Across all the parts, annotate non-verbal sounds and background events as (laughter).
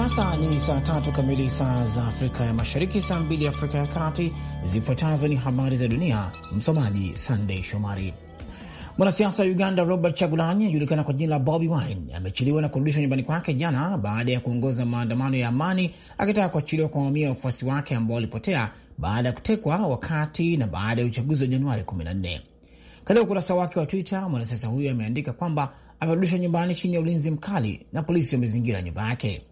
sasa ni saa tatu kamili saa za Afrika ya Mashariki, saa mbili Afrika ya Kati. Zifuatazo ni habari za dunia, msomaji Sandei Shomari. Mwanasiasa wa Uganda Robert Chagulanyi ajulikana kwa jina la Bobi Wine amechiliwa na kurudishwa nyumbani kwake jana baada ya kuongoza maandamano ya amani akitaka kuachiliwa kwa mamia ya wafuasi wake ambao walipotea baada ya kutekwa wakati na baada ya uchaguzi wa Januari 14. Katika ukurasa wake wa Twitter, mwanasiasa huyo ameandika kwamba amerudishwa nyumbani chini ya ulinzi mkali na polisi wamezingira nyumba yake.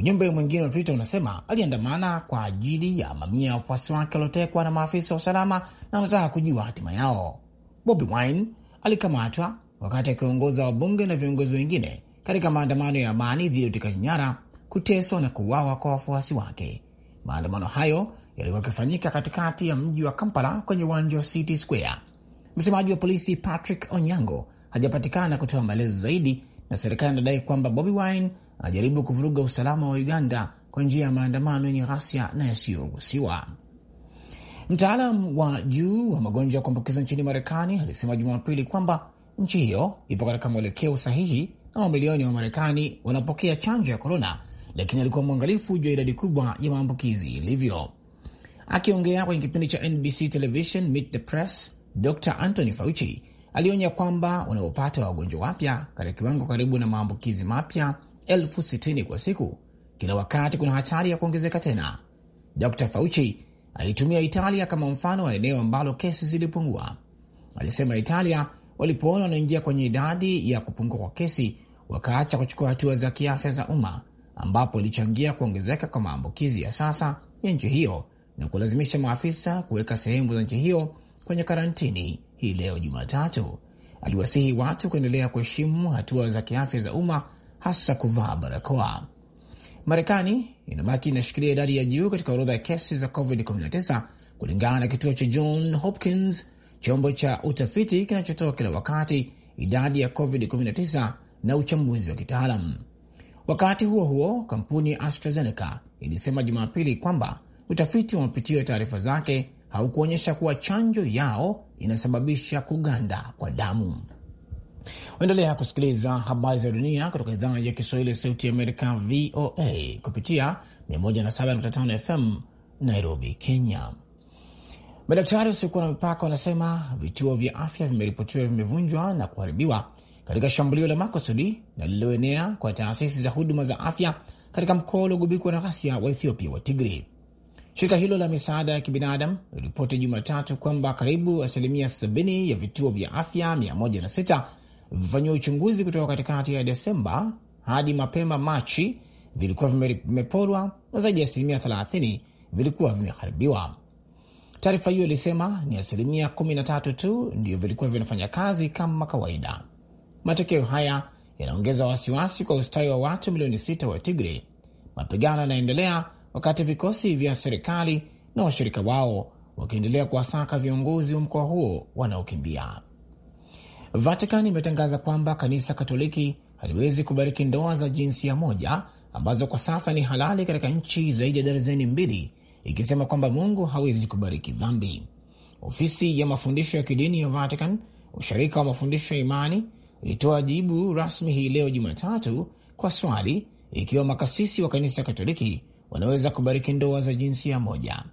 Ujumbe mwingine wa Twitter unasema aliandamana kwa ajili ya mamia ya wafuasi wake waliotekwa na maafisa wa usalama na wanataka kujua hatima yao. Bobi Wine alikamatwa wakati akiongoza wabunge na viongozi wengine katika maandamano ya amani dhidi ya utekaji nyara, kuteswa na kuuawa kwa wafuasi wake. Maandamano hayo yalikuwa yakifanyika katikati ya mji wa Kampala kwenye uwanja wa City Square. Msemaji wa polisi Patrick Onyango hajapatikana kutoa maelezo zaidi, na serikali inadai kwamba Bobi Wine anajaribu kuvuruga usalama wa Uganda kwa njia ya maandamano yenye ghasia na yasiyoruhusiwa. Mtaalam wa juu wa magonjwa ya kuambukiza nchini Marekani alisema Jumapili kwamba nchi hiyo ipo katika mwelekeo sahihi na mamilioni wa Marekani wanapokea chanjo ya korona, lakini alikuwa mwangalifu juu ya idadi kubwa ya maambukizi ilivyo. Akiongea kwenye kipindi cha NBC Television Meet the Press, Dr Anthony Fauci alionya kwamba wanaopata wagonjwa wapya katika kiwango karibu na maambukizi mapya elfu sitini kwa siku, kila wakati kuna hatari ya kuongezeka tena. Dr Fauci alitumia Italia kama mfano wa eneo ambalo kesi zilipungua. Alisema Italia walipoona wanaingia kwenye idadi ya kupungua kwa kesi, wakaacha kuchukua hatua za kiafya za umma, ambapo ilichangia kuongezeka kwa maambukizi ya sasa ya nchi hiyo na kulazimisha maafisa kuweka sehemu za nchi hiyo kwenye karantini. Hii leo Jumatatu aliwasihi watu kuendelea kuheshimu hatua za kiafya za umma hasa kuvaa barakoa. Marekani inabaki inashikilia idadi ya juu katika orodha ya kesi za COVID-19 kulingana na kituo cha John Hopkins, chombo cha utafiti kinachotoa kila wakati idadi ya COVID-19 na uchambuzi wa kitaalam. Wakati huo huo, kampuni ya AstraZeneca ilisema Jumapili kwamba utafiti wa mapitio ya taarifa zake haukuonyesha kuwa chanjo yao inasababisha kuganda kwa damu. Waendelea kusikiliza habari za dunia kutoka idhaa ya Kiswahili ya Sauti ya Amerika, VOA, kupitia 107.5 FM Nairobi, Kenya. Madaktari wasiokuwa na mipaka wanasema vituo vya afya vimeripotiwa vimevunjwa na kuharibiwa katika shambulio la makusudi na lililoenea kwa taasisi za huduma za afya katika mkoa uliogubikwa na ghasia wa Ethiopia wa Tigri. Shirika hilo la misaada ya kibinadamu iliripoti Jumatatu kwamba karibu asilimia 70 ya vituo vya afya 106 vifanyiwa uchunguzi kutoka katikati ya Desemba hadi mapema Machi vilikuwa vimeporwa na zaidi ya asilimia 30 vilikuwa vimeharibiwa. Taarifa hiyo ilisema ni asilimia 13 tu ndiyo vilikuwa vinafanya kazi kama kawaida. Matokeo haya yanaongeza wasiwasi kwa ustawi wa watu milioni 6 wa Tigre. Mapigano yanaendelea wakati vikosi vya serikali na washirika wao wakiendelea kuwasaka viongozi wa mkoa huo wanaokimbia. Vatican imetangaza kwamba kanisa Katoliki haliwezi kubariki ndoa za jinsia moja ambazo kwa sasa ni halali katika nchi zaidi ya darzeni mbili, ikisema kwamba Mungu hawezi kubariki dhambi. Ofisi ya mafundisho ya kidini ya Vatican, ushirika wa mafundisho ya imani, ilitoa jibu rasmi hii leo Jumatatu kwa swali ikiwa makasisi wa kanisa Katoliki wanaweza kubariki ndoa za jinsia moja.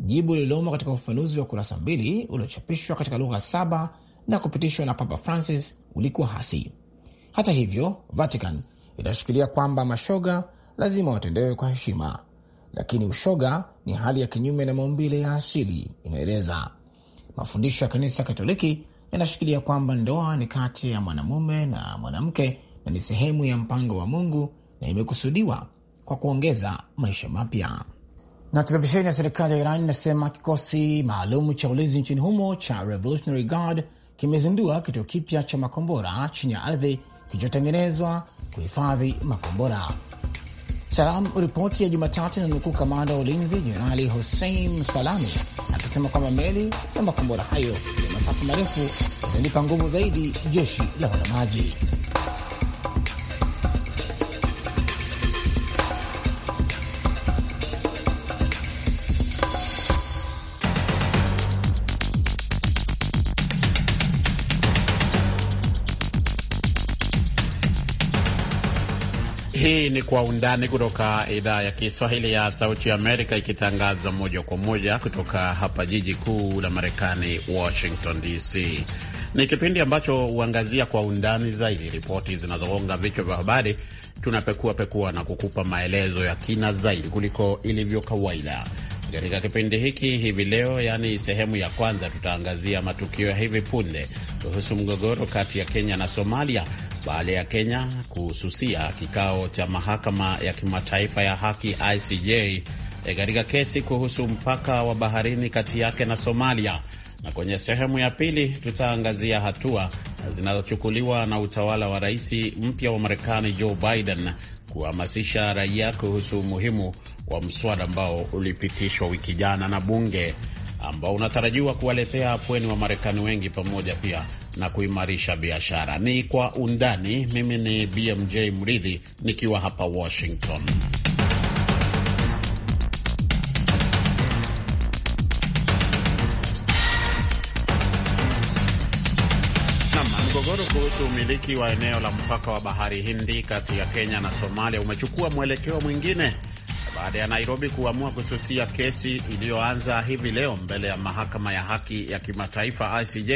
Jibu lililomo katika ufafanuzi wa kurasa mbili uliochapishwa katika lugha saba na kupitishwa na Papa Francis ulikuwa hasi. Hata hivyo, Vatican inashikilia kwamba mashoga lazima watendewe kwa heshima, lakini ushoga ni hali ya kinyume na maumbile ya asili, inaeleza. Mafundisho ya Kanisa Katoliki yanashikilia kwamba ndoa ni kati ya mwanamume na mwanamke na ni sehemu ya mpango wa Mungu na imekusudiwa kwa kuongeza maisha mapya. Na televisheni ya serikali ya Iran inasema kikosi maalum cha ulinzi nchini humo cha Revolutionary Guard kimezindua kituo kipya cha makombora chini ya ardhi kilichotengenezwa kuhifadhi makombora. Salam ripoti ya Jumatatu inanukuu kamanda wa ulinzi Jenerali Hussein Salami akisema kwamba meli na makombora hayo ya masafa marefu inalipa nguvu zaidi jeshi la wanamaji. Hii ni Kwa Undani kutoka idhaa ya Kiswahili ya Sauti ya Amerika, ikitangaza moja kwa moja kutoka hapa jiji kuu la Marekani, Washington DC. Ni kipindi ambacho huangazia kwa undani zaidi ripoti zinazogonga vichwa vya habari. Tunapekua pekua na kukupa maelezo ya kina zaidi kuliko ilivyo kawaida katika kipindi hiki hivi leo. Yaani sehemu ya kwanza, tutaangazia matukio ya hivi punde kuhusu mgogoro kati ya Kenya na Somalia baada ya Kenya kususia kikao cha mahakama ya kimataifa ya haki ICJ e, katika kesi kuhusu mpaka wa baharini kati yake na Somalia. Na kwenye sehemu ya pili tutaangazia hatua zinazochukuliwa na utawala wa rais mpya wa Marekani Joe Biden kuhamasisha raia kuhusu umuhimu wa mswada ambao ulipitishwa wiki jana na bunge ambao unatarajiwa kuwaletea afueni wa Marekani wengi pamoja pia na kuimarisha biashara. Ni kwa undani. Mimi ni BMJ Mridhi nikiwa hapa Washington. Mgogoro kuhusu umiliki wa eneo la mpaka wa bahari Hindi kati ya Kenya na Somalia umechukua mwelekeo mwingine baada ya Nairobi kuamua kususia kesi iliyoanza hivi leo mbele ya mahakama ya haki ya kimataifa ICJ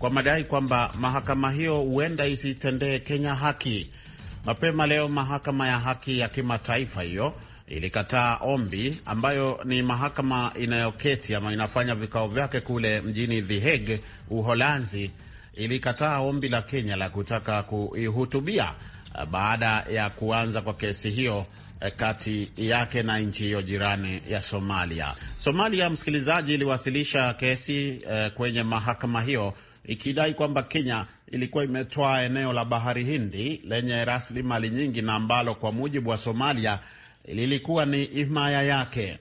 kwa madai kwamba mahakama hiyo huenda isitendee Kenya haki. Mapema leo mahakama ya haki ya kimataifa hiyo ilikataa ombi ambayo ni mahakama inayoketi ama inafanya vikao vyake kule mjini The Hague, Uholanzi, ilikataa ombi la Kenya la kutaka kuihutubia baada ya kuanza kwa kesi hiyo kati yake na nchi hiyo jirani ya Somalia. Somalia, msikilizaji, iliwasilisha kesi eh, kwenye mahakama hiyo ikidai kwamba Kenya ilikuwa imetoa eneo la bahari Hindi lenye rasilimali nyingi na ambalo kwa mujibu wa Somalia lilikuwa ni himaya yake.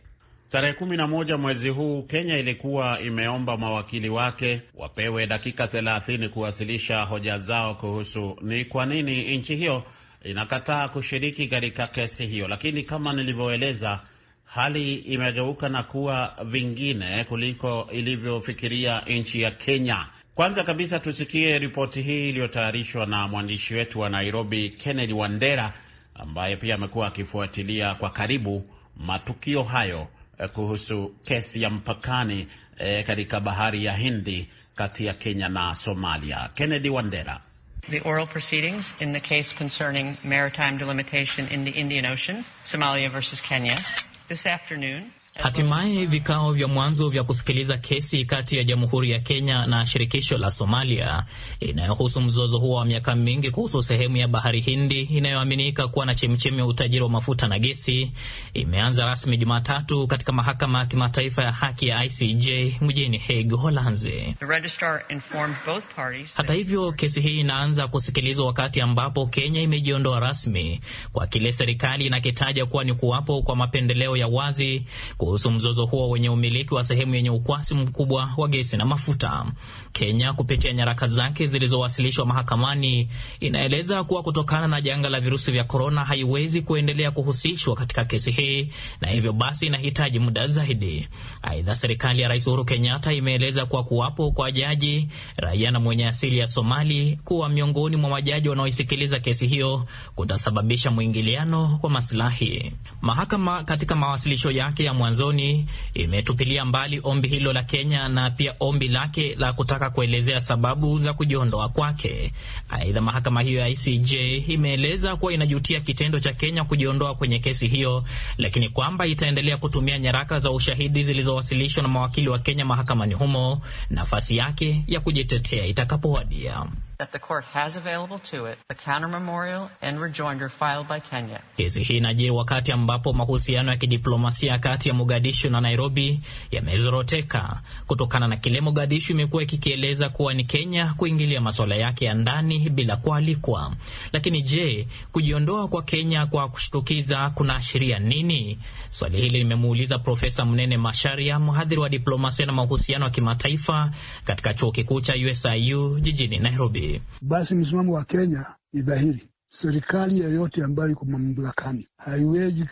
Tarehe kumi na moja mwezi huu Kenya ilikuwa imeomba mawakili wake wapewe dakika 30 kuwasilisha hoja zao kuhusu ni kwa nini nchi hiyo inakataa kushiriki katika kesi hiyo, lakini kama nilivyoeleza, hali imegeuka na kuwa vingine kuliko ilivyofikiria nchi ya Kenya. Kwanza kabisa tusikie ripoti hii iliyotayarishwa na mwandishi wetu wa Nairobi, Kennedy Wandera, ambaye pia amekuwa akifuatilia kwa karibu matukio hayo eh, kuhusu kesi ya mpakani eh, katika bahari ya Hindi kati ya Kenya na Somalia. Kennedy Wandera. The oral proceedings in the case concerning maritime delimitation in the Indian Ocean, Somalia versus Kenya, this afternoon Hatimaye vikao vya mwanzo vya kusikiliza kesi kati ya Jamhuri ya Kenya na shirikisho la Somalia inayohusu mzozo huo wa miaka mingi kuhusu sehemu ya bahari Hindi inayoaminika kuwa na chemchemi ya utajiri wa mafuta na gesi imeanza rasmi Jumatatu katika mahakama ya kimataifa ya haki ya ICJ mjini Hague, Holanzi. Hata hivyo, kesi hii inaanza kusikilizwa wakati ambapo Kenya imejiondoa rasmi kwa kile serikali inakitaja kuwa ni kuwapo kwa mapendeleo ya wazi kuhusu mzozo huo wenye umiliki wa sehemu yenye ukwasi mkubwa wa gesi na mafuta. Kenya kupitia nyaraka zake zilizowasilishwa mahakamani inaeleza kuwa kutokana na janga la virusi vya korona haiwezi kuendelea kuhusishwa katika kesi hii na hivyo basi inahitaji muda zaidi. Aidha, serikali ya Rais Uhuru Kenyatta imeeleza kuwa kuwapo kwa jaji raia na mwenye asili ya Somali kuwa miongoni mwa majaji wanaoisikiliza kesi hiyo kutasababisha mwingiliano wa masilahi. Mahakama katika mawasilisho yake ya mwanzo mwanzoni imetupilia mbali ombi hilo la Kenya na pia ombi lake la kutaka kuelezea sababu za kujiondoa kwake. Aidha, mahakama hiyo ya ICJ imeeleza kuwa inajutia kitendo cha Kenya kujiondoa kwenye kesi hiyo, lakini kwamba itaendelea kutumia nyaraka za ushahidi zilizowasilishwa na mawakili wa Kenya mahakamani humo, nafasi yake ya kujitetea itakapowadia that the court has available to it the counter memorial and rejoinder filed by Kenya. Kesi hii inaje wakati ambapo mahusiano ya kidiplomasia kati ya Mogadishu na Nairobi yamezoroteka kutokana na kile Mogadishu imekuwa ikikieleza kuwa ni Kenya kuingilia masuala yake ya ndani bila kualikwa. Lakini je, kujiondoa kwa Kenya kwa kushtukiza kunaashiria nini? Swali hili limemuuliza Profesa Mnene Masharia, mhadhiri wa diplomasia na mahusiano ya kimataifa katika chuo kikuu cha USIU jijini Nairobi. Basi msimamo wa Kenya ni dhahiri, serikali yoyote ambayo iko mamlakani haiwezi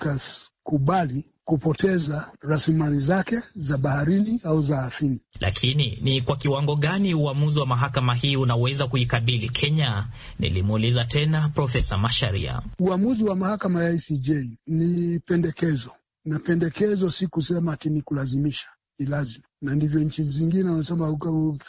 kubali kupoteza rasilimali zake za baharini au za asini. Lakini ni kwa kiwango gani uamuzi wa mahakama hii unaweza kuikabili Kenya? Nilimuuliza tena Profesa Masharia. Uamuzi wa mahakama ya ICJ ni pendekezo, na pendekezo si kusema ati ni kulazimisha, ni lazima, na ndivyo nchi zingine wanasema,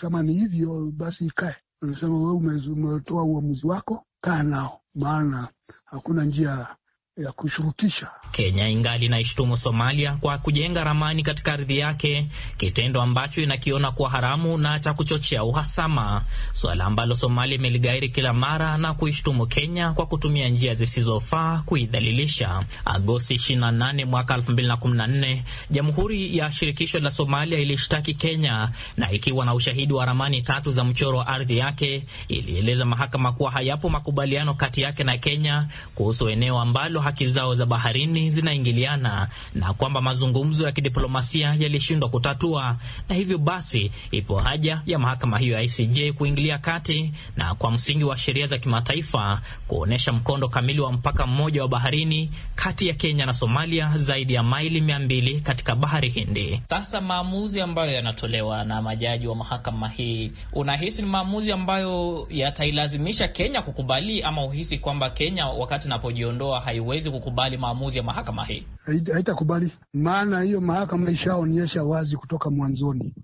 kama ni hivyo basi ikae. Anasema wewe umetoa uamuzi wako, kaa nao, maana hakuna njia ya kushurutisha. Kenya ingali inaishutumu Somalia kwa kujenga ramani katika ardhi yake, kitendo ambacho inakiona kuwa haramu na cha kuchochea uhasama, suala ambalo Somalia imeligairi kila mara na kuishtumu Kenya kwa kutumia njia zisizofaa kuidhalilisha. Agosti 28 mwaka 2014, Jamhuri ya Shirikisho la Somalia ilishtaki Kenya na ikiwa na ushahidi wa ramani tatu za mchoro wa ardhi yake, ilieleza mahakama kuwa hayapo makubaliano kati yake na Kenya kuhusu eneo ambalo haki zao za baharini zinaingiliana na kwamba mazungumzo ya kidiplomasia yalishindwa kutatua, na hivyo basi ipo haja ya mahakama hiyo ya ICJ kuingilia kati na kwa msingi wa sheria za kimataifa kuonyesha mkondo kamili wa mpaka mmoja wa baharini kati ya Kenya na Somalia zaidi ya maili mia mbili katika bahari Hindi. Sasa maamuzi ambayo yanatolewa na majaji wa mahakama hii, unahisi ni maamuzi ambayo yatailazimisha Kenya kukubali ama uhisi kwamba Kenya wakati inapojiondoa haiwezi hawezi kukubali maamuzi ya mahakama hii, haitakubali. Maana hiyo mahakama ishaonyesha wazi kutoka mwanzoni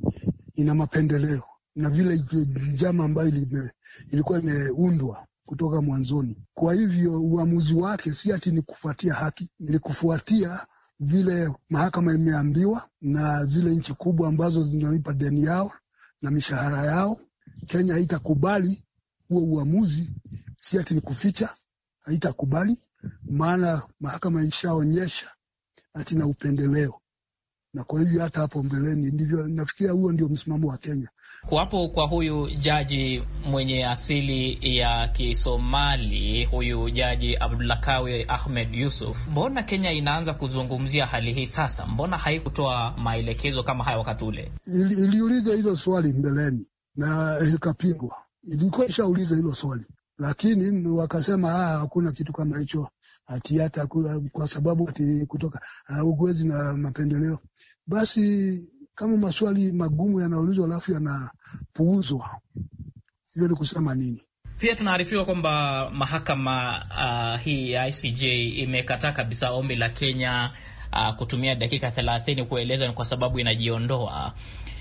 ina mapendeleo na vile njama ambayo ilikuwa imeundwa kutoka mwanzoni. Kwa hivyo uamuzi wake si ati ni kufuatia haki, ni kufuatia vile mahakama imeambiwa na zile nchi kubwa ambazo zinalipa deni yao na mishahara yao. Kenya haitakubali huo uamuzi, si ati ni kuficha, haitakubali maana mahakama ishaonyesha ati na upendeleo na kwa hivyo hata hapo mbeleni ndivyo nafikiria, huo ndio msimamo wa Kenya. Kuwapo kwa huyu jaji mwenye asili ya Kisomali, huyu jaji Abdulakawi Ahmed Yusuf, mbona Kenya inaanza kuzungumzia hali hii sasa? Mbona haikutoa maelekezo kama haya wakati ule? Ili, iliuliza hilo swali mbeleni na ikapingwa, ilikuwa ishauliza hilo swali, lakini wakasema ah, hakuna kitu kama hicho ati hata kwa sababu ati kutoka ah, ugwezi na mapendeleo. Basi kama maswali magumu yanaulizwa alafu yanapuuzwa, hiyo ni kusema nini? Pia tunaarifiwa kwamba mahakama uh, hii ya ICJ imekataa kabisa ombi la Kenya uh, kutumia dakika thelathini kueleza ni kwa sababu inajiondoa.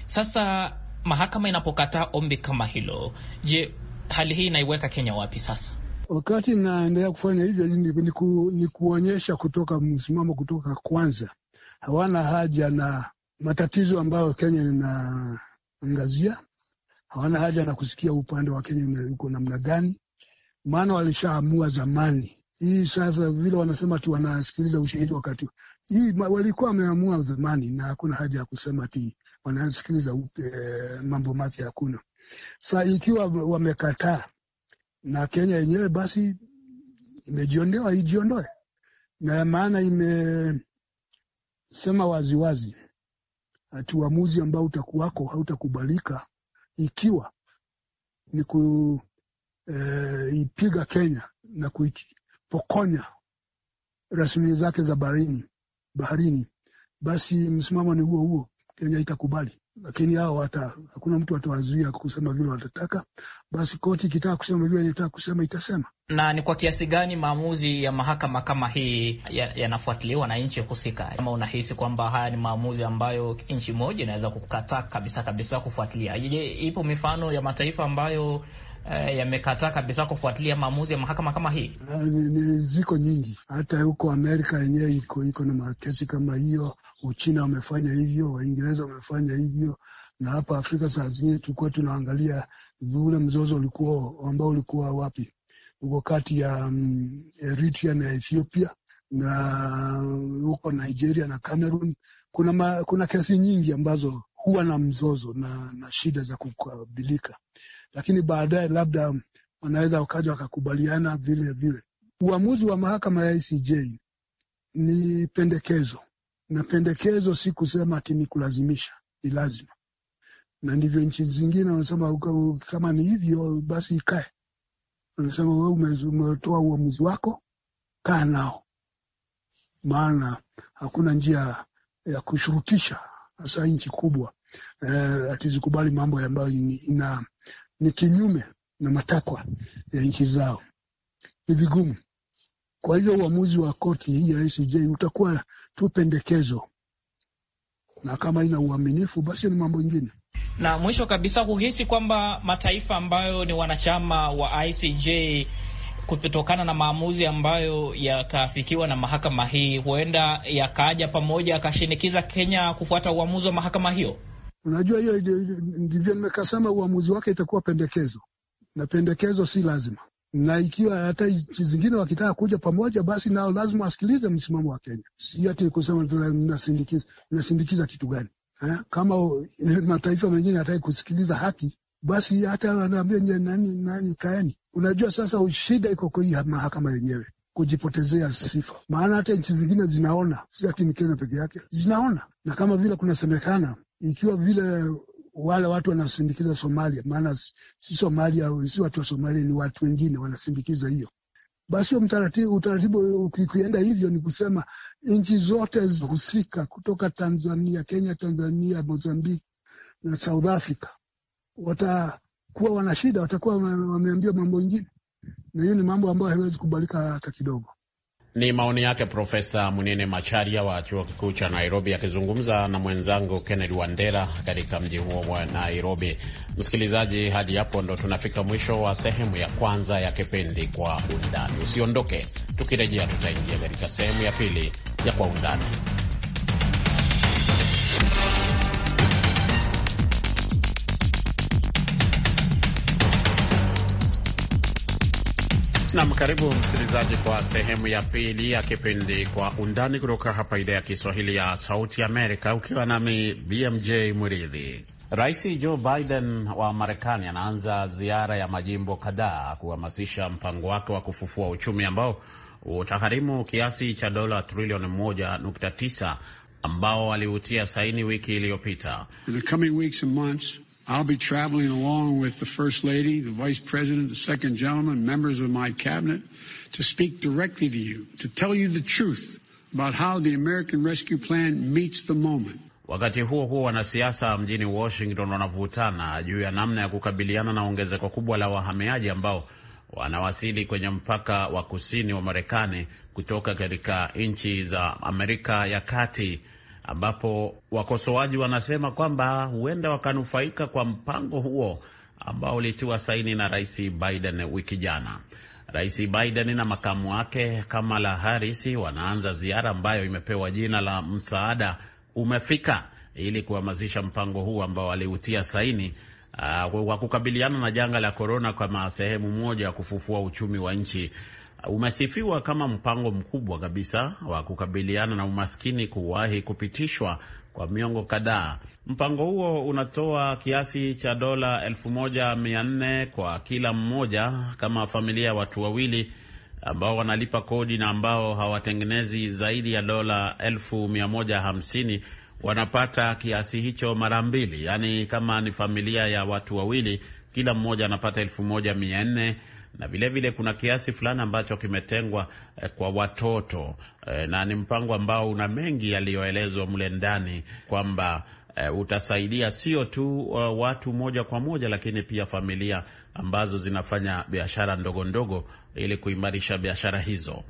Sasa mahakama inapokataa ombi kama hilo, je, hali hii inaiweka Kenya wapi sasa? Wakati naendelea kufanya hivyo ni, ku, ni kuonyesha kutoka msimamo kutoka kwanza. Hawana haja na matatizo ambayo Kenya inaangazia, hawana haja na kusikia upande wa Kenya uko namna gani, maana walishaamua zamani. Hii sasa vile wanasema ti wanasikiliza ushahidi wakati hii walikuwa wameamua zamani, na hakuna haja ya kusema ti wanasikiliza mambo mapya, hakuna. Sa ikiwa wamekataa na Kenya yenyewe basi imejiondoa, ijiondoe, na maana imesema waziwazi ati uamuzi ambao utakuwako hautakubalika ikiwa ni kuipiga eh, e, Kenya na kuipokonya rasmi zake za baharini, baharini, basi msimamo ni huo huo, Kenya itakubali lakini hao hata hakuna mtu atawazuia kusema vile watataka. Basi koti ikitaka kusema vile inataka kusema itasema. Na ni kwa kiasi gani maamuzi ya mahakama kama hii yanafuatiliwa ya na nchi husika, ama unahisi kwamba haya ni maamuzi ambayo nchi moja inaweza kukataa kabisa kabisa kufuatilia? Je, ipo mifano ya mataifa ambayo eh, yamekataa kabisa kufuatilia maamuzi ya mahakama kama hii? Eh, ziko nyingi, hata huko Amerika yenyewe iko iko na makesi kama hiyo. Uchina wamefanya hivyo, Waingereza wamefanya hivyo, na hapa Afrika saa zingine tulikuwa tunaangalia ule mzozo ulikuwa ambao ulikuwa wapi huko kati ya um, Eritrea na Ethiopia na huko Nigeria na Cameroon. Kuna, ma, kuna kesi nyingi ambazo huwa na mzozo na, na shida za kukabilika, lakini baadaye labda wanaweza wakaja wakakubaliana vile vile. Uamuzi wa mahakama ya ICJ ni pendekezo, na pendekezo si kusema ati ni kulazimisha, ni lazima, na ndivyo nchi zingine wanasema. Kama ni hivyo basi ikae, wanasema we umetoa uamuzi wako, kaa nao, maana hakuna njia ya kushurutisha hasa nchi kubwa eh, atizikubali mambo ambayo ina ni kinyume na matakwa ya nchi zao, ni vigumu. Kwa hiyo uamuzi wa koti hii ya ICJ utakuwa tu pendekezo, na kama ina uaminifu basi ni mambo ingine. Na mwisho kabisa, huhisi kwamba mataifa ambayo ni wanachama wa ICJ kutokana na maamuzi ambayo yakafikiwa na mahakama hii, huenda yakaja pamoja yakashinikiza Kenya kufuata uamuzi wa mahakama hiyo? Unajua hiyo ndivyo nimekasema, uamuzi wake itakuwa pendekezo, na pendekezo si lazima. Na ikiwa hata nchi zingine wakitaka kuja pamoja, basi nao lazima wasikilize msimamo wa Kenya, si ati kusema nasindikiza kitu gani? Ha? Eh, kama (laughs) mataifa mengine hataki kusikiliza haki, basi hata wanaambia nye nani nani, kaeni. Unajua sasa shida iko kwa hii mahakama yenyewe kujipotezea sifa, maana hata nchi zingine zinaona, si ati ni Kenya peke yake, zinaona na kama vile kunasemekana ikiwa vile wale watu wanasindikiza Somalia, maana si Somalia, si watu wa Somalia, ni watu wengine wanasindikiza hiyo, basi utaratibu, ukienda hivyo ni kusema nchi zote husika kutoka Tanzania, Kenya, Tanzania, Mozambiki na South Africa watakuwa wana shida, watakuwa wameambiwa mambo ingine, na hiyo ni mambo ambayo haiwezi kubalika hata kidogo. Ni maoni yake Profesa Munene Macharia wa chuo kikuu cha Nairobi akizungumza na mwenzangu Kennedy Wandera katika mji huo wa Nairobi. Msikilizaji, hadi hapo ndo tunafika mwisho wa sehemu ya kwanza ya kipindi Kwa Undani. Usiondoke, tukirejea tutaingia katika sehemu ya pili ya Kwa Undani. Nam, karibu msikilizaji kwa sehemu ya pili ya kipindi Kwa Undani kutoka hapa idhaa ya Kiswahili ya Sauti Amerika, ukiwa nami BMJ Muridhi. Rais Joe Biden wa Marekani anaanza ziara ya majimbo kadhaa kuhamasisha mpango wake wa kufufua uchumi ambao utagharimu kiasi cha dola trilioni 1.9 ambao aliutia saini wiki iliyopita. I'll be traveling along with the First Lady, the Vice President, the Second Gentleman, members of my cabinet to speak directly to you, to tell you the truth about how the American Rescue Plan meets the moment. Wakati huo huo, wanasiasa mjini Washington wanavutana juu ya namna ya kukabiliana na ongezeko kubwa la wahamiaji ambao wanawasili kwenye mpaka wa kusini wa Marekani kutoka katika nchi za Amerika ya Kati. ambapo wakosoaji wanasema kwamba huenda wakanufaika kwa mpango huo ambao ulitiwa saini na Rais Biden wiki jana. Rais Biden na makamu wake Kamala Harris wanaanza ziara ambayo imepewa jina la msaada umefika, ili kuhamasisha mpango huu ambao aliutia saini uh, wa kukabiliana na janga la korona kama sehemu moja ya kufufua uchumi wa nchi umesifiwa kama mpango mkubwa kabisa wa kukabiliana na umaskini kuwahi kupitishwa kwa miongo kadhaa. Mpango huo unatoa kiasi cha dola 1400 kwa kila mmoja kama familia ya watu wawili ambao wanalipa kodi na ambao hawatengenezi zaidi ya dola 1150 wanapata kiasi hicho mara mbili, yaani kama ni familia ya watu wawili, kila mmoja anapata nne na vilevile vile kuna kiasi fulani ambacho kimetengwa eh, kwa watoto eh, na ni mpango ambao una mengi yaliyoelezwa mle ndani kwamba eh, utasaidia sio tu uh, watu moja kwa moja, lakini pia familia ambazo zinafanya biashara ndogo ndogo ili kuimarisha biashara hizo.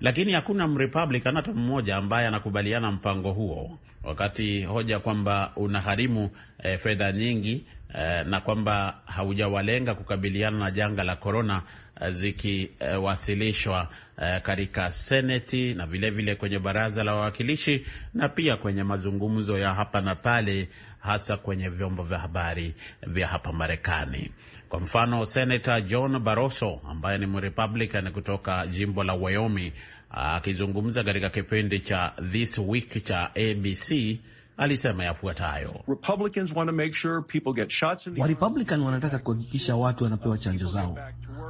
Lakini hakuna Mrepublican hata mmoja ambaye anakubaliana mpango huo, wakati hoja kwamba unaharimu eh, fedha nyingi Eh, na kwamba haujawalenga kukabiliana na janga la korona eh, zikiwasilishwa eh, eh, katika seneti na vilevile vile kwenye baraza la wawakilishi na pia kwenye mazungumzo ya hapa na pale, hasa kwenye vyombo vya habari vya hapa Marekani. Kwa mfano, senata John Barroso ambaye ni Mrepublican kutoka jimbo la Wyoming akizungumza katika kipindi cha This Week cha ABC alisema yafuatayo: Warepublican wanataka kuhakikisha watu wanapewa chanjo zao,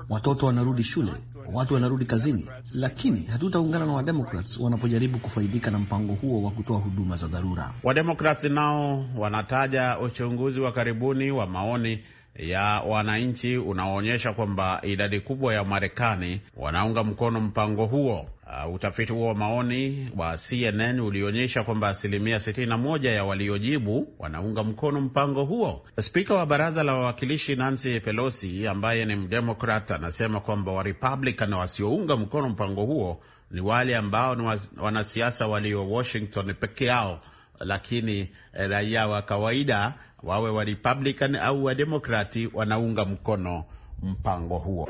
watoto wanarudi shule, watu wanarudi kazini, lakini hatutaungana na Wademokrats wanapojaribu kufaidika na mpango huo wa kutoa huduma za dharura. Wademokrats nao wanataja uchunguzi wa karibuni wa maoni ya wananchi unaoonyesha kwamba idadi kubwa ya Marekani wanaunga mkono mpango huo. Uh, utafiti huo wa maoni wa CNN ulionyesha kwamba asilimia 61 ya waliojibu wanaunga mkono mpango huo. Spika wa baraza la wawakilishi Nancy Pelosi ambaye ni mdemokrat anasema kwamba warepublican wasiounga mkono mpango huo ni wale ambao ni wanasiasa walio Washington peke yao, lakini eh, raia wa kawaida wawe warepublican au wademokrati wanaunga mkono mpango huo.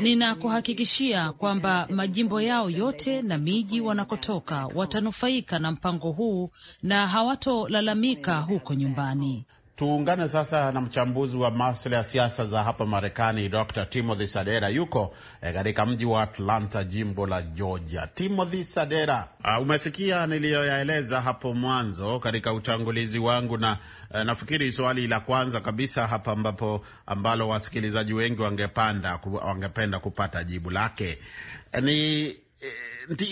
Ninakuhakikishia kwamba majimbo yao yote na miji wanakotoka watanufaika na mpango huu na hawatolalamika huko nyumbani. Tuungane sasa na mchambuzi wa masuala ya siasa za hapa Marekani, Dr Timothy Sadera yuko eh, katika mji wa Atlanta, jimbo la Georgia. Timothy Sadera, uh, umesikia niliyoyaeleza hapo mwanzo katika utangulizi wangu, na uh, nafikiri swali la kwanza kabisa hapa ambapo ambalo wasikilizaji wengi wangepanda wangependa kupata jibu lake eh, ni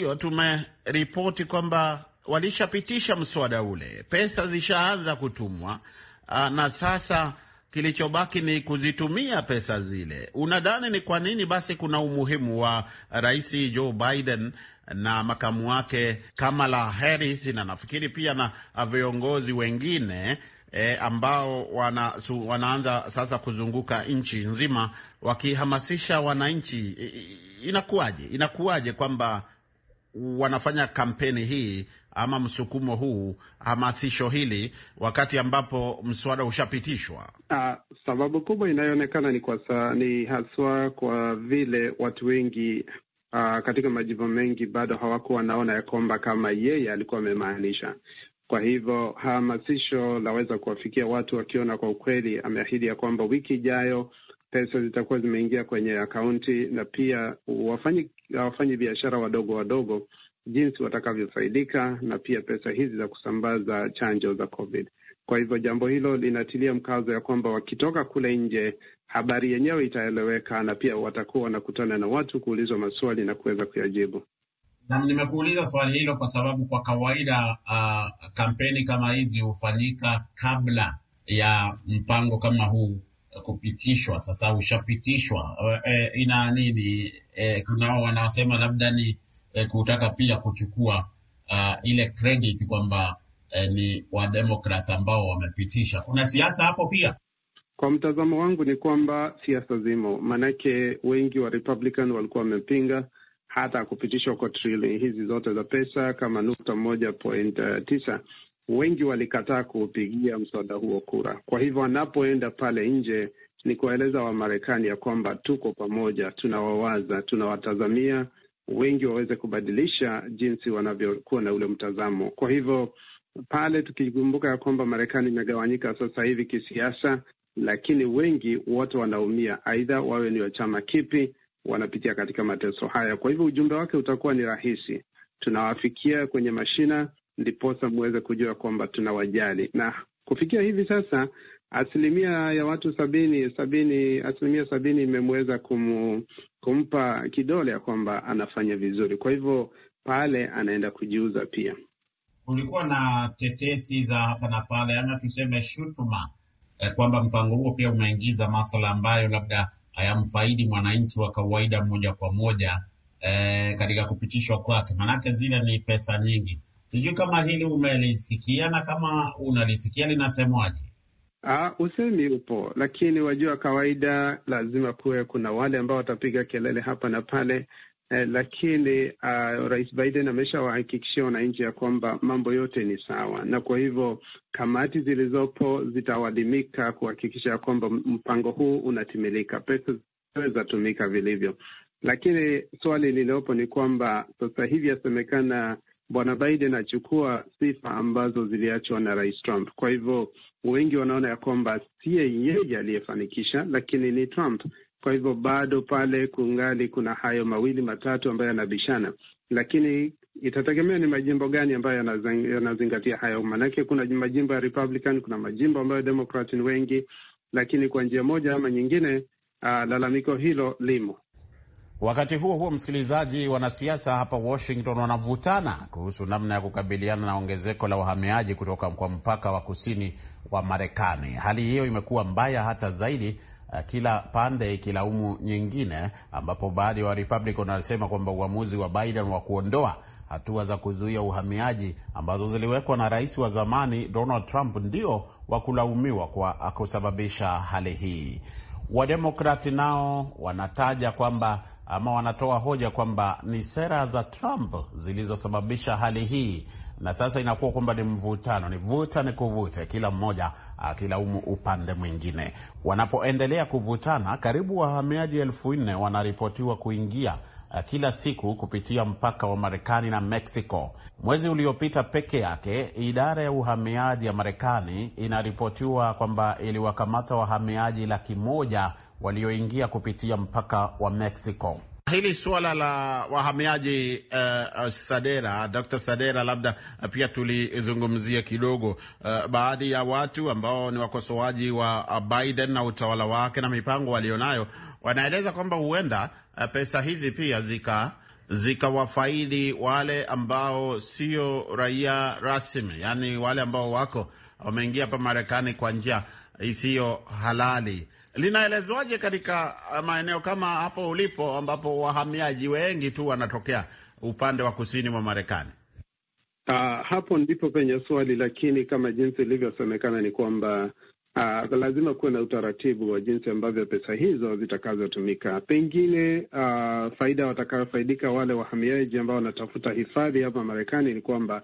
e, tumeripoti kwamba walishapitisha mswada ule, pesa zishaanza kutumwa Ah, na sasa kilichobaki ni kuzitumia pesa zile. Unadhani ni kwa nini basi kuna umuhimu wa Rais Joe Biden na makamu wake Kamala Harris na nafikiri pia na viongozi wengine E, ambao wana, su, wanaanza sasa kuzunguka nchi nzima wakihamasisha wananchi. Inakuwaje, inakuwaje kwamba wanafanya kampeni hii ama msukumo huu, hamasisho hili, wakati ambapo mswada ushapitishwa? Ah, sababu kubwa inayoonekana ni kwa ni haswa kwa vile watu wengi ah, katika majimbo mengi bado hawakuwa wanaona ya kwamba kama yeye alikuwa amemaanisha kwa hivyo hamasisho laweza kuwafikia watu wakiona kwa ukweli ameahidi ya kwamba wiki ijayo pesa zitakuwa zimeingia kwenye akaunti, na pia wafanyi, wafanyi biashara wadogo wadogo jinsi watakavyofaidika na pia pesa hizi za kusambaza chanjo za COVID. Kwa hivyo jambo hilo linatilia mkazo ya kwamba wakitoka kule nje, habari yenyewe itaeleweka, na pia watakuwa wanakutana na watu kuulizwa maswali na kuweza kuyajibu. Na nimekuuliza swali hilo kwa sababu kwa kawaida uh, kampeni kama hizi hufanyika kabla ya mpango kama huu kupitishwa. Sasa ushapitishwa, uh, ina nini? Uh, kunao wanaosema labda ni eh, kutaka pia kuchukua uh, ile credit kwamba eh, ni wademokrat ambao wamepitisha. Kuna siasa hapo pia. Kwa mtazamo wangu ni kwamba siasa zimo, maanake wengi wa Republican walikuwa wamepinga hata kupitishwa kwa trilioni hizi zote za pesa kama nukta moja point uh, tisa. Wengi walikataa kuupigia mswada huo kura. Kwa hivyo wanapoenda pale nje ni kuwaeleza Wamarekani ya kwamba tuko pamoja, tunawawaza, tunawatazamia wengi waweze kubadilisha jinsi wanavyokuwa na ule mtazamo. Kwa hivyo pale tukikumbuka ya kwamba Marekani imegawanyika sasa hivi kisiasa, lakini wengi wote wanaumia, aidha wawe ni wa chama kipi, wanapitia katika mateso haya. Kwa hivyo ujumbe wake utakuwa ni rahisi, tunawafikia kwenye mashina, ndiposa mweze kujua kwamba tunawajali na kufikia hivi sasa asilimia ya watu sabini sabini asilimia sabini imemweza kumpa kidole ya kwamba anafanya vizuri, kwa hivyo pale anaenda kujiuza pia. Kulikuwa na tetesi za hapa na pale, ama tuseme shutuma eh, kwamba mpango huo pia umeingiza maswala ambayo labda hayamfaidi mwananchi wa kawaida moja kwa moja eh, katika kupitishwa kwake, maanake zile ni pesa nyingi. Sijui kama hili umelisikia na kama unalisikia linasemwaje? Ah, usemi upo, lakini wajua, kawaida lazima kuwe kuna wale ambao watapiga kelele hapa na pale eh, lakini uh, Rais Biden ameshawahakikishia wananchi ya kwamba mambo yote ni sawa, na kwa hivyo kamati zilizopo zitawadimika kuhakikisha kwamba mpango huu unatimilika, pesa tumika vilivyo. Lakini swali lililopo ni kwamba sasa hivi yasemekana bwana Biden achukua sifa ambazo ziliachwa na rais Trump. Kwa hivyo wengi wanaona ya kwamba siye yeye aliyefanikisha, lakini ni Trump. Kwa hivyo bado pale kungali kuna hayo mawili matatu ambayo yanabishana, lakini itategemea ni majimbo gani ambayo yanazingatia hayo. Maanake kuna majimbo ya Republican, kuna majimbo ambayo Democrat ni wengi, lakini kwa njia moja ama nyingine, uh, lalamiko hilo limo. Wakati huo huo, msikilizaji, wanasiasa hapa Washington wanavutana kuhusu namna ya kukabiliana na ongezeko la wahamiaji kutoka kwa mpaka wa kusini wa Marekani. Hali hiyo imekuwa mbaya hata zaidi, eh, kila pande ikilaumu nyingine, ambapo baadhi ya Warepublican wanasema kwamba uamuzi wa Biden wa kuondoa hatua za kuzuia uhamiaji ambazo ziliwekwa na rais wa zamani Donald Trump ndio wa kulaumiwa kwa kusababisha hali hii. Wademokrati nao wanataja kwamba ama wanatoa hoja kwamba ni sera za Trump zilizosababisha hali hii, na sasa inakuwa kwamba ni mvutano, ni vuta ni kuvute, kila mmoja akilaumu upande mwingine. Wanapoendelea kuvutana, karibu wahamiaji elfu nne wanaripotiwa kuingia eh, kila siku kupitia mpaka wa Marekani na Mexico. Mwezi uliopita peke yake, idara ya uhamiaji ya Marekani inaripotiwa kwamba iliwakamata wahamiaji laki moja walioingia kupitia mpaka wa Mexico. Hili suala la wahamiaji uh, Sadera, Dr. Sadera, labda eh, pia tulizungumzia kidogo uh, baadhi ya watu ambao ni wakosoaji wa Biden na utawala wake na mipango walionayo wanaeleza kwamba huenda pesa hizi pia zika zikawafaidi wale ambao sio raia rasmi, yaani wale ambao wako wameingia hapa Marekani kwa njia isiyo halali linaelezwaje katika uh, maeneo kama hapo ulipo ambapo wahamiaji wengi tu wanatokea upande wa kusini mwa Marekani? Uh, hapo ndipo penye swali, lakini kama jinsi ilivyosemekana ni kwamba Uh, lazima kuwe na utaratibu wa jinsi ambavyo pesa hizo zitakazotumika. Pengine uh, faida watakayofaidika wale wahamiaji ambao wanatafuta hifadhi hapa Marekani ni kwamba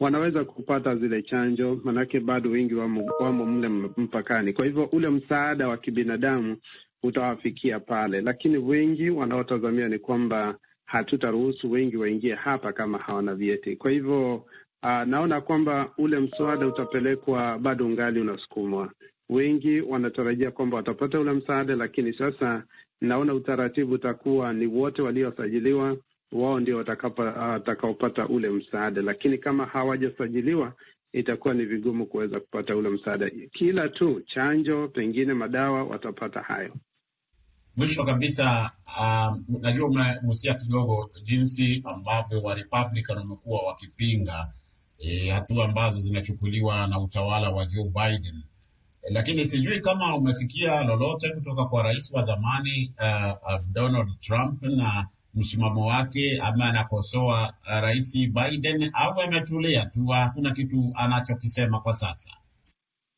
wanaweza kupata zile chanjo, maanake bado wengi wamo, wamo mle mpakani. Kwa hivyo ule msaada wa kibinadamu utawafikia pale, lakini wengi wanaotazamia ni kwamba hatutaruhusu wengi waingie hapa kama hawana vyeti. Kwa hivyo Uh, naona kwamba ule msaada utapelekwa bado ungali unasukumwa. Wengi wanatarajia kwamba watapata ule msaada, lakini sasa naona utaratibu utakuwa ni wote waliosajiliwa wao ndio ah, watakaopata ule msaada, lakini kama hawajasajiliwa itakuwa ni vigumu kuweza kupata ule msaada, kila tu chanjo, pengine madawa, watapata hayo. Mwisho kabisa, um, najua umegusia kidogo jinsi ambavyo wa Republican wamekuwa wakipinga e, hatua ambazo zinachukuliwa na utawala wa Joe Biden e, lakini sijui kama umesikia lolote kutoka kwa rais wa zamani uh, uh, Donald Trump na msimamo wake ama anakosoa uh, rais Biden au ametulia tu, uh, hakuna kitu anachokisema kwa sasa?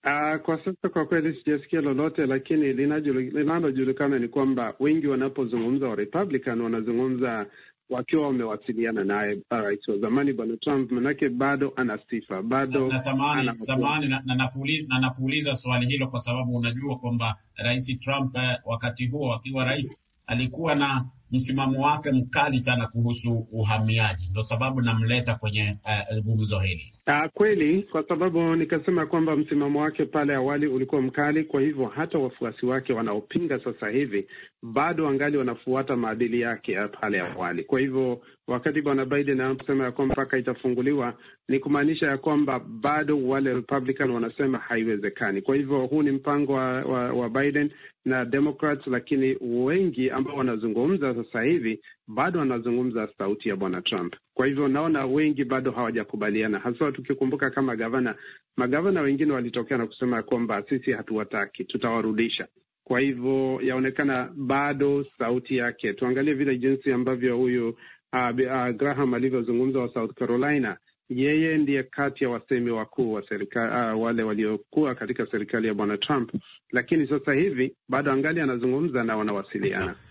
Uh, kwa sasa kwa kweli sijasikia lolote, lakini linalojulikana ni kwamba wengi wanapozungumza wa Republican wanazungumza wakiwa wamewasiliana naye uh, rais wa zamani bwana Trump, manake bado ana sifa bado na, na, samahani na nakuuliza na swali hilo kwa sababu unajua kwamba rais Trump wakati huo akiwa rais alikuwa na msimamo wake mkali sana kuhusu uhamiaji, ndo sababu namleta kwenye eh, gumzo uh, hili uh, kweli, kwa sababu nikasema kwamba msimamo wake pale awali ulikuwa mkali. Kwa hivyo hata wafuasi wake wanaopinga sasa hivi bado wangali wanafuata maadili yake pale awali. Kwa hivyo wakati bwana Biden anaposema ya kwamba mpaka itafunguliwa, ni kumaanisha ya kwamba bado wale Republican wanasema haiwezekani. Kwa hivyo huu ni mpango wa, wa, wa Biden na Democrats, lakini wengi ambao wanazungumza sasa hivi bado wanazungumza sauti ya bwana Trump. Kwa hivyo naona wengi bado hawajakubaliana, hasa tukikumbuka kama gavana, magavana wengine walitokea na kusema kwamba sisi hatuwataki, tutawarudisha kwa hivyo yaonekana bado sauti yake. Tuangalie vile jinsi ambavyo huyu uh, uh, Graham alivyozungumza wa South Carolina yeye ndiye kati ya wasemi wakuu wa serikali, uh, wale waliokuwa katika serikali ya bwana Trump, lakini sasa hivi bado angali anazungumza na wanawasiliana. (laughs)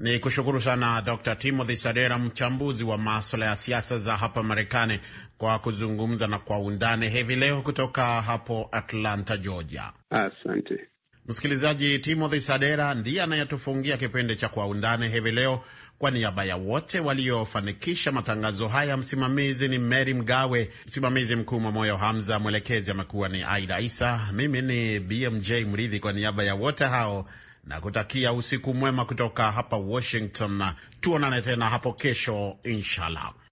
Ni kushukuru sana Dr. Timothy Sadera, mchambuzi wa maswala ya siasa za hapa Marekani, kwa kuzungumza na kwa undani hivi leo kutoka hapo Atlanta, Georgia. Asante. Msikilizaji, Timothy Sadera ndiye anayetufungia kipindi cha Kwa Undani hivi leo. Kwa niaba ya wote waliofanikisha matangazo haya, msimamizi ni Mary Mgawe, msimamizi mkuu Mwamoyo Hamza, mwelekezi amekuwa ni Aida Isa, mimi ni BMJ Mridhi. Kwa niaba ya wote hao na kutakia usiku mwema kutoka hapa Washington. Tuonane tena hapo kesho, inshallah.